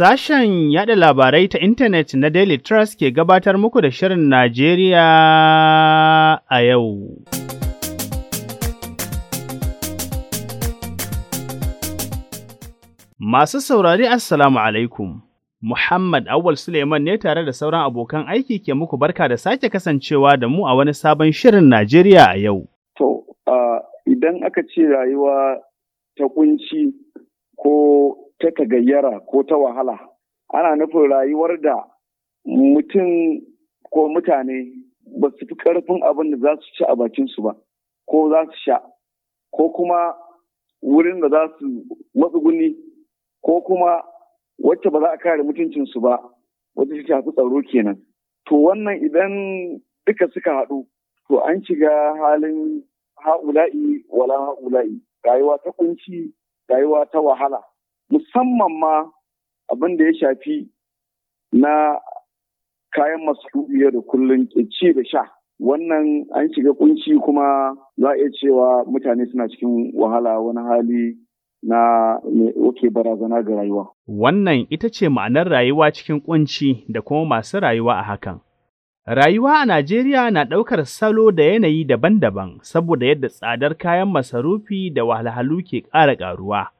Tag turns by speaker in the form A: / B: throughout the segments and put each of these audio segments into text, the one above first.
A: Sashen yada labarai ta intanet na Daily Trust ke gabatar muku da Shirin Najeriya a yau. Masu saurari Assalamu alaikum. Muhammad Awal Suleiman ne tare da sauran abokan aiki ke muku barka da sake kasancewa da mu a wani sabon Shirin Najeriya a yau.
B: To, idan aka ce rayuwa ta kunci ko ta tagayyara ko ta wahala ana nufin rayuwar da mutum ko mutane ba su fi karfin abin da za su ci a bakinsu ba ko za su sha ko kuma wurin da za su matsuguni ko kuma wacce ba za a kare mutuncinsu ba wacce ta shafi tsaro kenan to wannan idan duka suka haɗu to an shiga halin ha'ula'i wala ha'ula'i rayuwa ta kunci rayuwa ta wahala musamman ma abin da ya shafi na kayan masu da kullum eh, ci da sha wannan an shiga kunci kuma za a iya cewa mutane suna cikin wahala wani hali na wake barazana ga rayuwa.
A: Wannan ita ce ma'anar rayuwa cikin kunci da kuma masu rayuwa a hakan. Rayuwa a Najeriya na ɗaukar salo da yanayi daban-daban saboda yadda tsadar kayan masarufi da wahalhalu ke ƙara ƙaruwa.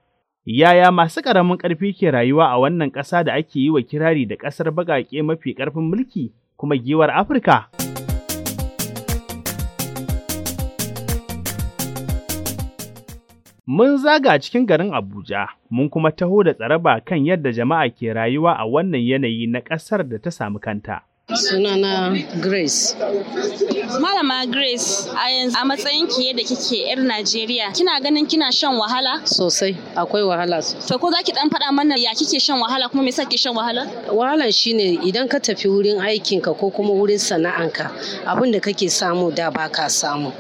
A: Yaya masu ƙaramin ƙarfi ke rayuwa a wannan ƙasa da ake yi wa kirari da ƙasar baƙaƙe mafi ƙarfin mulki kuma giwar Afirka? Mun zaga cikin garin Abuja, mun kuma taho da tsaraba kan yadda jama'a ke rayuwa a wannan yanayi na ƙasar da ta samu kanta.
C: sunana grace
D: malama grace a yanzu a matsayin ki da kike yar najeriya kina ganin kina shan wahala
C: sosai akwai wahala
D: to ko zaki dan faɗa
C: mana ya kike shan wahala kuma me yasa kike shan wahala wahalan shine idan ka tafi wurin aikinka ko kuma wurin sana'anka abin da kake samu da ba ka samu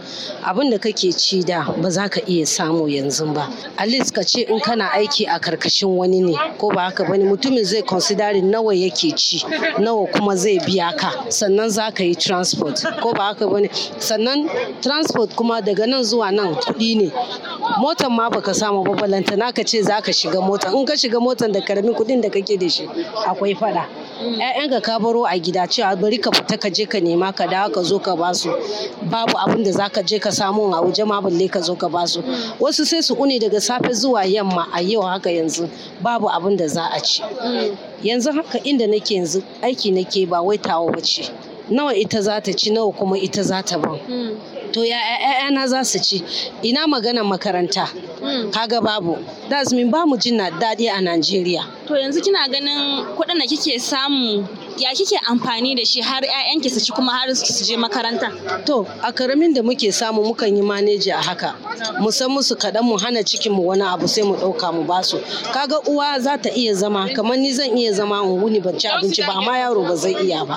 C: abin da kake ci da ba za ka iya samu yanzu ba at least ka ce in kana aiki a karkashin wani ne ko ba haka bane mutumin zai consider nawa yake ci nawa kuma zai biya iyaka sannan za ka yi transport ko ba haka bane sannan transport kuma daga nan zuwa nan kuɗi ne motan ma baka samu ba na ka ce za ka shiga mota in ka shiga motan da karamin kuɗin da kake da shi akwai fada ƴaƴan ka ka baro a gida cewa bari ka fita ka je ka nema ka dawo ka zo ka basu babu abin da zaka je ka samu a waje ma balle ka zo ka basu wasu sai su kune daga safe zuwa yamma a yau haka yanzu babu abin da za a ci yanzu haka inda nake yanzu aiki nake ba wai tawo bace nawa ita za ta ci nawa kuma ita za ta ban hmm. to ya 'ya'yana za su ci ina maganan makaranta Mm. kaga babu that's mean ba mu jin daɗi a Najeriya
D: to yanzu kina ganin kuɗin da kike samu ya kike amfani da shi har
C: 'ya'yanki su ci kuma har su je makaranta to a karamin da muke samu mukan yi maneji a haka mu san musu kaɗan mu hana cikin mu wani abu sai mu ɗauka mu basu kaga uwa za ta iya zama kamar ni zan iya zama in wuni ban ci abinci ba amma yaro ba zai iya ba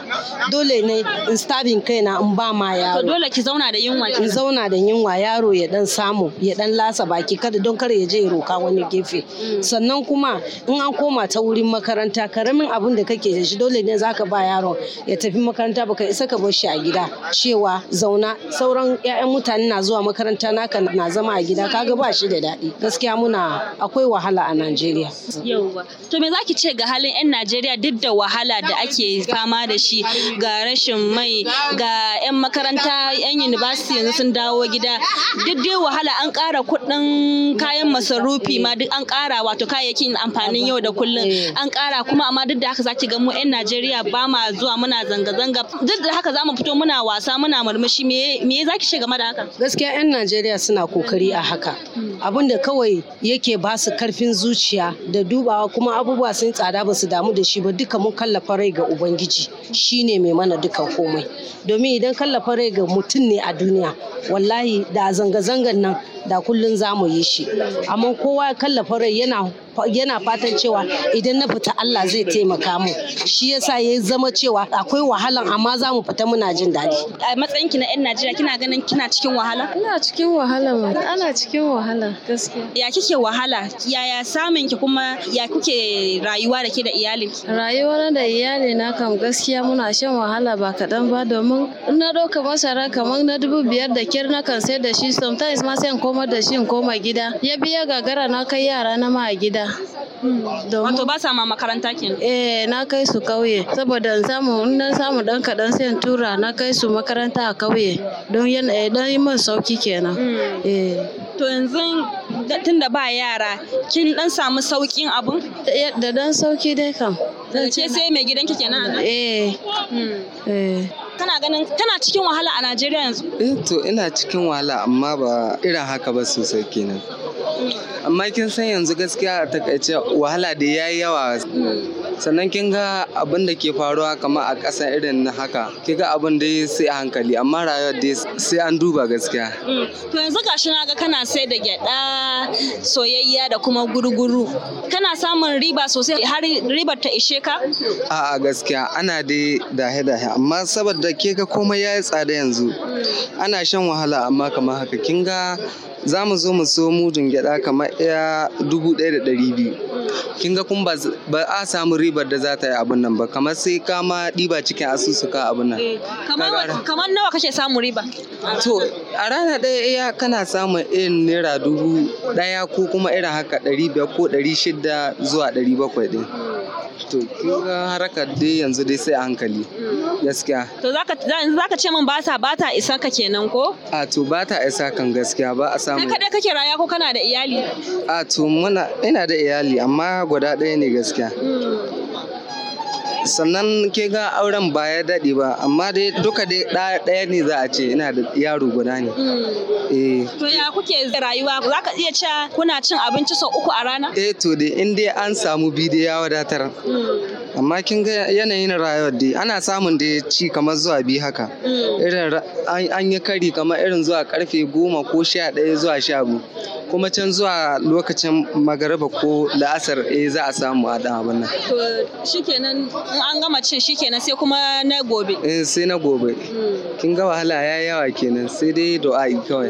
C: dole ne in stabin kaina in ba ma yaro to dole ki zauna da yunwa in zauna da yunwa yaro ya dan samu ya dan lasa baki kada don kar ya je ya roka wani gefe mm. sannan kuma in an koma ta wurin makaranta karamin abin da kake da shi dole ne za Ka ba yaron ya tafi makaranta baka isa ka bar shi a gida cewa zauna sauran 'ya'yan mutane na zuwa makaranta naka na zama a gida kaga ba shi da daɗi gaskiya muna akwai wahala a Najeriya.
D: Yauwa to me zaki ce ga halin 'yan Najeriya duk da wahala da ake fama da shi ga rashin mai ga 'yan makaranta 'yan university yanzu sun dawo gida duk dai wahala an ƙara kuɗin kayan masarufi ma duk an ƙara wato kayayyakin amfanin yau da kullum eh. an ƙara kuma amma duk da haka zaki ga mu 'yan Najeriya lafiya ba ma zuwa muna zanga-zanga
C: duk da haka za fito muna wasa muna murmushi me za ki ce game da haka gaskiya 'yan najeriya suna kokari a haka abin da kawai yake ba su karfin zuciya da dubawa kuma abubuwa sun tsada ba su damu da shi ba duka mun kallafa rai ga ubangiji shine mai mana duka komai domin idan kallafa rai ga mutum ne a duniya wallahi da zanga-zangan nan da kullun za mu yi shi amma kowa ya kallafa rai yana yana fatan cewa idan na fita Allah zai taimaka mu shi yasa ya zama cewa akwai wahalan amma za mu fita muna jin daɗi
D: a matsayin ki na yan Najeriya kina ganin kina cikin wahala ina cikin wahala ana cikin wahala gaskiya ya kike wahala yaya samun ki kuma ya kuke rayuwa da ke da iyalin rayuwar da iyali na kam gaskiya muna shan wahala ba kaɗan ba domin in na ɗauka masara kamar na dubu biyar da kyar na kan sai da shi sometimes ma sai in komar da shi koma gida ya biya gagara na kai yara na ma a gida wato ba sa ma makaranta kenan eh na kai su kauye saboda in samu in dan samu dan kadan sai in tura na kai su makaranta a kauye don yana eh, dan yi min sauki kenan hmm. eh to yanzu tunda ba yara kin dan samu saukin abun eh, da dan sauki dai kam ce sai mai gidanki kenan eh hmm. eh kana ganin kana cikin wahala a Najeriya yanzu?
E: Eh to ina cikin wahala amma ba irin haka ba sosai kenan. Amma kin san yanzu gaskiya a takaice wahala da yayi yawa. sannan kin ga abin da ke faruwa kama a ƙasa irin haka kin ga abin dai sai a hankali amma rayuwar dai sai an duba gaskiya
D: mm. to yanzu gashi na ga kana sai da gyada soyayya da kuma guruguru kana samun riba sosai har ribar ta ishe ka
E: a'a gaskiya ana dai dahe dahe amma saboda ke ga komai yayi tsada yanzu mm. ana shan wahala amma kamar haka kin ga za mu zo mu so mudun gyada kamar iya dubu ɗaya da ɗari biyu kin ga kun ba a samu ribar da za ta yi abun nan ba kamar sai ka ma ɗiba cikin asusu ka abun nan eh,
D: kamar nawa kashe samu riba to
E: a rana ɗaya iya kana samun irin naira dubu ɗaya ko kuma irin haka ɗari biyar ko ɗari shida zuwa ɗari bakwai ɗin to kinga harakar dai yanzu dai sai a hankali gaskiya
D: to zaka zaka ce min ba ta ba isa ka kenan ko
E: a to ba ta isa kan gaskiya ba a samu kai
D: kadai kake raya ko kana da iyali
E: a to muna ina da iyali amma guda ɗaya ne gaskiya hmm. sannan ke ga auren ba ya daɗe ba amma dai duka ɗaya ne za a ce ina da yaro guda ne. Hmm. Eh. To
D: ya kuke rayuwa za ka iya cewa kuna cin abinci sau uku a rana?
E: Eh to dai in dai an samu bidiyo ya wadatar. Hmm. amma kin ga yanayin rayuwar dai ana samun da ci kamar zuwa biyu haka mm. irin an yi kari kamar irin zuwa karfe goma ko sha ɗaya zuwa sha biyu kuma can zuwa lokacin magariba ko la'asar e za a samu a dama nan
D: to shikenan in an gama cin shikenan sai kuma na gobe
E: eh sai na gobe mm. kin ga wahala ya yawa kenan sai dai do'a'i kawai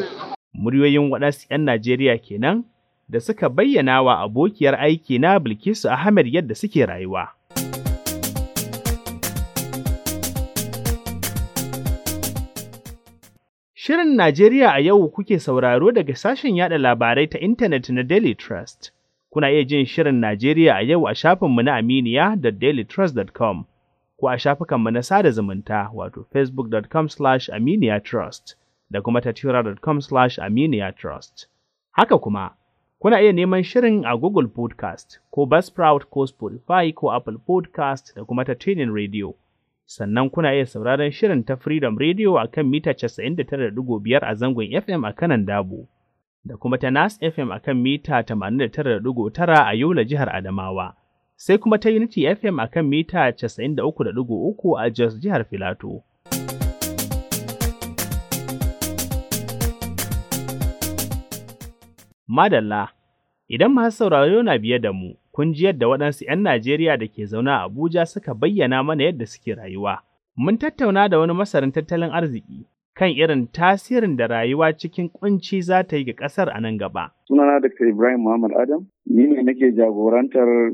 A: muryoyin waɗansu 'yan Najeriya kenan da suka bayyana wa abokiyar aiki na Bilkisu Ahmed yadda suke rayuwa. Shirin Najeriya a yau kuke sauraro daga sashen yada labarai ta intanet na Daily Trust. Kuna iya jin Shirin Najeriya a yau a shafinmu na Aminiya da dailytrust.com ko a shafukanmu na sada zumunta wato facebook.com slash trust da kuma tatura.com slash trust Haka kuma, kuna iya neman shirin a Google Podcast ko Buzzsprout ko Spotify ko Apple Podcast da kuma ta Radio. sannan kuna iya sauraron shirin ta Freedom Radio a kan mita 99.5 a zangon FM a kanan Dabo, da kuma ta Nas FM a kan mita 89.9 a Yola jihar Adamawa, sai kuma ta Unity FM a kan mita 93.3 a Jos jihar Filato. Madalla Idan masu sauraro na biye da mu, kun ji yadda waɗansu ‘yan Najeriya da ke zaune a Abuja suka bayyana mana yadda suke rayuwa. Mun tattauna da wani masarin tattalin arziki kan irin tasirin da rayuwa cikin kunci za ta yi ga ƙasar a nan gaba.
B: Sunana Dr. Ibrahim Muhammad Adam, ni ne nake jagorantar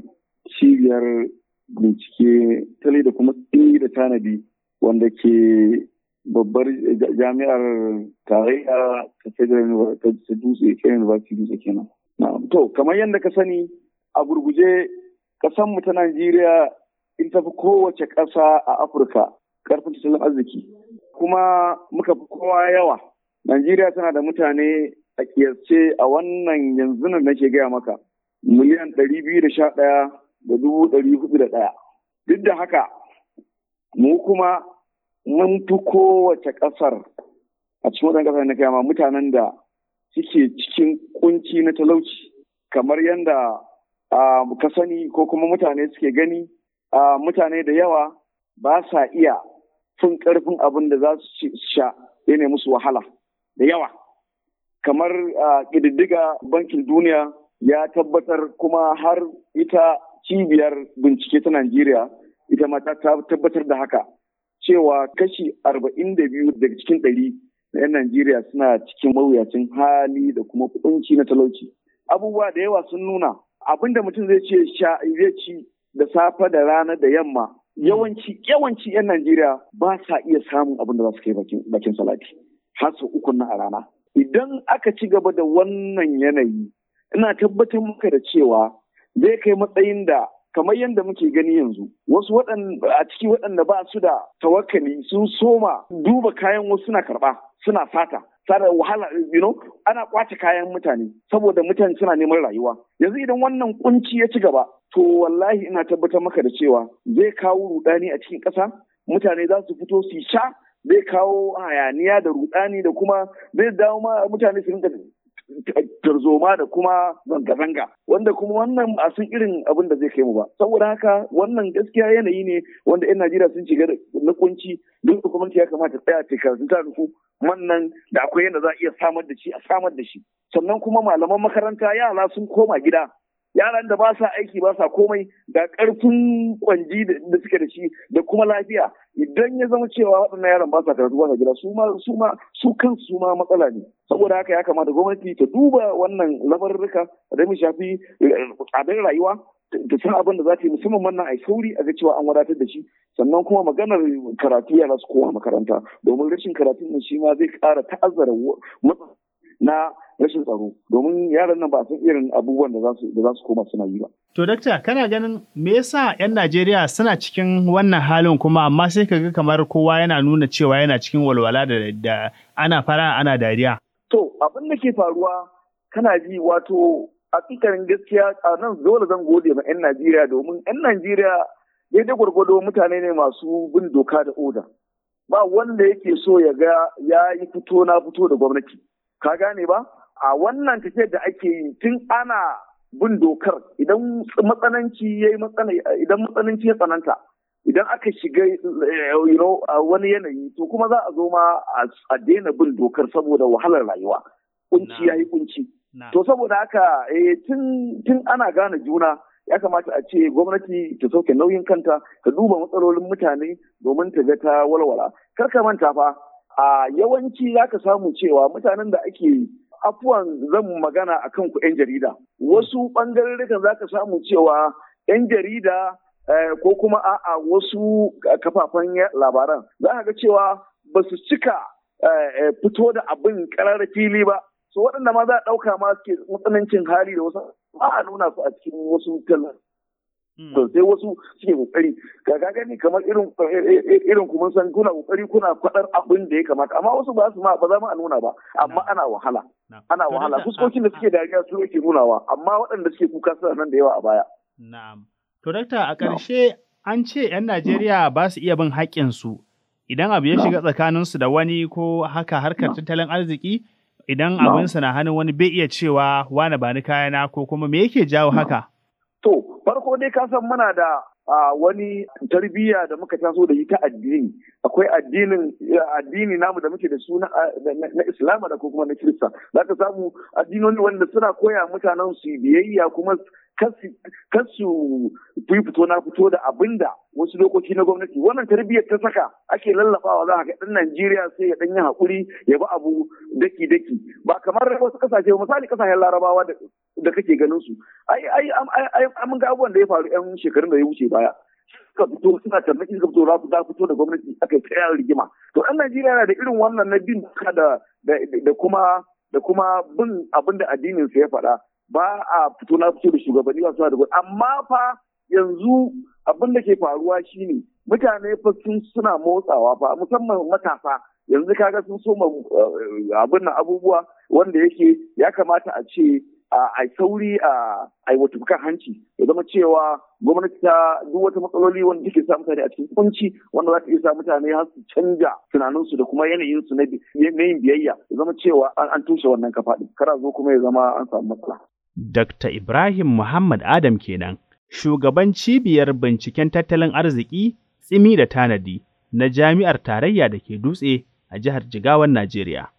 B: cibiyar bincike tali da kuma tsini da tanadi wanda ke babbar jami'ar tarayya ta Federal University Dutse kenan. To, kamar yadda ka sani a gurguje mu ta Najeriya in tafi kowace ƙasa a Afirka ƙarfin tattalin arziki. Kuma muka fi kowa yawa. Najeriya tana da mutane a kiyasce a wannan yanzu nan nake gaya maka miliyan ɗari biyu da sha ɗaya da dubu ɗari hudu da ɗaya. Duk da haka, mu kuma mun fi kowace ƙasar a cikin wajen ƙasar na kama mutanen da suke cikin kunci na talauci kamar yadda ka sani ko kuma mutane suke gani mutane da yawa ba sa iya fin karfin abin da za su sha yana musu wahala da yawa kamar ƙididdiga bankin duniya ya tabbatar kuma har ita cibiyar bincike ta Najeriya ita ma ta tabbatar da haka cewa kashi arba'in da biyu daga cikin ɗari 'yan Najeriya suna cikin mawuyacin hali da kuma kudinci na talauci. Abubuwa da yawa sun nuna abin da mutum zai ce zai ci da safe da rana da yamma yawanci yawanci 'yan Najeriya ba sa iya samun abin da za su kai bakin salati har su uku na a rana. Idan aka ci gaba da wannan yanayi ina tabbatar muka da cewa zai kai matsayin da kamar yadda muke gani yanzu wasu a ciki waɗanda ba su da tawakkali sun soma duba kayan wasu suna karɓa suna fata, sada wahala you know ana kwace kayan mutane saboda mutane suna neman rayuwa yanzu idan wannan kunci ya ci gaba to wallahi ina tabbatar maka da cewa zai kawo rudani a cikin ƙasa mutane za su fito su sha zai kawo hayaniya da rudani da kuma zai dawo mutane su rinka tarzoma da kuma zanga-zanga wanda kuma wannan a sun irin abin da zai kai mu ba saboda haka wannan gaskiya yanayi ne wanda 'yan Najeriya sun shiga na kunci duk kuma ya kamata tsaya ce karatun ta rufu wannan da akwai yadda za a iya samar da shi a samar da shi sannan kuma malaman makaranta yara sun koma gida yaran da ba sa aiki ba sa komai ga karfin kwanji da suke da shi da kuma lafiya idan ya zama cewa waɗannan yaran ba sa karatu ba sa gida su ma su ma kansu su ma matsala ne saboda haka ya kamata gwamnati ta duba wannan labarurruka da mu shafi eh, tsadar rayuwa da san abin da za ta yi musamman wannan a sauri a ga cewa an wadatar da shi sannan kuma maganar karatu yara su kowa makaranta domin rashin karatu nan shi ma zai ƙara ta'azzara matsala. na rashin tsaro domin yaran nan ba san irin abubuwan da za su koma suna yi ba.
A: To dakta kana ganin me yasa 'yan Najeriya suna cikin wannan halin kuma amma sai ka ga kamar kowa yana nuna cewa yana cikin walwala da ana fara ana dariya.
B: To abin da ke faruwa kana ji wato a tsikarin gaskiya a nan dole zan gode ma 'yan Najeriya domin 'yan Najeriya daidai gwargwado mutane ne masu bin doka da oda. Ba wanda yake so ya ga ya yi fito na fito da gwamnati. ka gane ba a wannan tafiyar da ake yi tun ana bin dokar idan matsananci ya tsananta idan aka shiga eh, wani yanayi to kuma za a zo ma a daina bin dokar saboda wahalar rayuwa kunci ya yi kunci to saboda haka eh, tun ana gane juna ya kamata a ce gwamnati ta sauke nauyin kanta ta duba matsalolin mutane domin ta ga ta walwala kar ka manta fa a yawanci za ka samu cewa mutanen da ake afuwan zan magana a kanku 'yan jarida wasu ɓangararrukan za ka samu cewa 'yan jarida eh, ko kuma a'a wasu kafafen labaran za ka ga cewa ba su cika eh, eh, fito da abin karar fili ba so waɗanda ma za a ɗauka ma suke matsanancin hali da wasu ba a nuna su a cikin wasu kallon Hmm. to sai wasu suke kokari ga ka gani kamar irin eh, irin kuma san kuna kokari kuna fadar abin da ya kamata amma wasu ba su ma ba za mu nuna ba amma ana wahala ana wahala fuskokin da ah, ah. suke dariya su yake nunawa amma waɗanda suke kuka suna nan da yawa a baya na'am
A: to a ƙarshe an ce 'yan hmm. Najeriya ba su iya bin su idan abu ya shiga tsakanin su da wani ko haka harkar tattalin arziki idan abinsa na hannun wani bai iya cewa wani ba ni kayana ko kuma me yake jawo haka?
B: To, farko dai ka san muna da wani tarbiyya da muka taso da yi ta addini. Akwai addinin addini namu da muke da su na Islama da kuma na Kirista. Za ka samu addinoni wanda suna koya mutanen su biyayya kuma kar su yi fito na fito da abin da wasu lokaci na gwamnati wannan tarbiyyar ta saka ake lallafawa za a ga ɗan Najeriya sai ya ɗan yi haƙuri ya bi abu daki daki ba kamar wasu kasashe misali kasashen larabawa da kake ganin su ai ai ai ga abubuwan da ya faru yan shekarun da ya wuce baya suka fito suna tarnaki suka fito za su fito da gwamnati aka yi tsayar rigima to ɗan Najeriya na da irin wannan na bin da kuma da kuma bin abin addinin sa ya faɗa ba a fito na fito da shugabanni ba suna da gwamnati amma fa yanzu abin da ke faruwa shine mutane fa sun suna motsawa fa musamman matasa yanzu kaga sun soma eh, abin nan abubuwa wanda yake ya kamata a ce a sauri a aiwatu kan hanci ya zama cewa gwamnati ta duk wata matsaloli wanda take sa mutane a cikin kunci wanda za ta iya sa mutane har su canja tunaninsu da kuma yanayinsu na yin biyayya ya zama cewa an tushe wannan kafaɗi kara zo kuma ya zama an samu matsala.
A: Dr. Ibrahim Muhammad Adam kenan, shugaban cibiyar binciken tattalin arziki, tsimi da tanadi na jami'ar tarayya da ke dutse a jihar Jigawan Najeriya.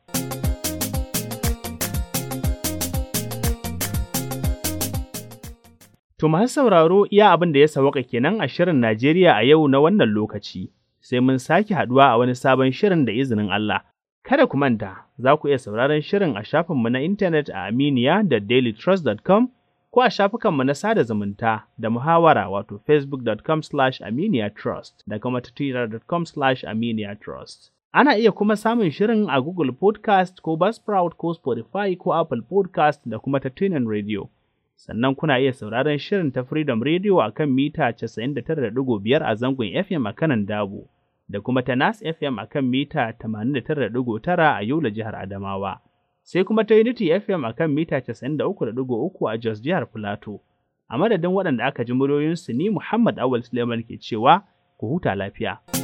A: To sauraro iya abin da ya sawaka kenan a shirin Najeriya a yau na wannan lokaci, sai mun sake haduwa a wani sabon shirin da izinin Allah. Kada ku manta, za ku iya sauraron shirin a shafinmu na intanet a Aminiya da dailytrust.com ko a shafukanmu na sada zumunta da muhawara wato facebook.com slash aminiyatrust da kuma twitter.com slash aminiyatrust. Ana iya kuma samun shirin a Google Podcast ko Buzzsprout ko Spotify ko Apple Podcast da kuma ta Tunin Radio. Sannan kuna iya sauraron shirin ta Freedom Radio a kan mita 99.5 a zangon FM a kanan dabu. da kuma ta Nas FM a kan mita 89.9 a Yola jihar Adamawa, sai kuma ta Unity FM a kan mita 93.3 a Jos jihar Filato. A madadin waɗanda aka ji muryoyinsu ni Muhammad Awal Suleiman ke cewa ku huta lafiya.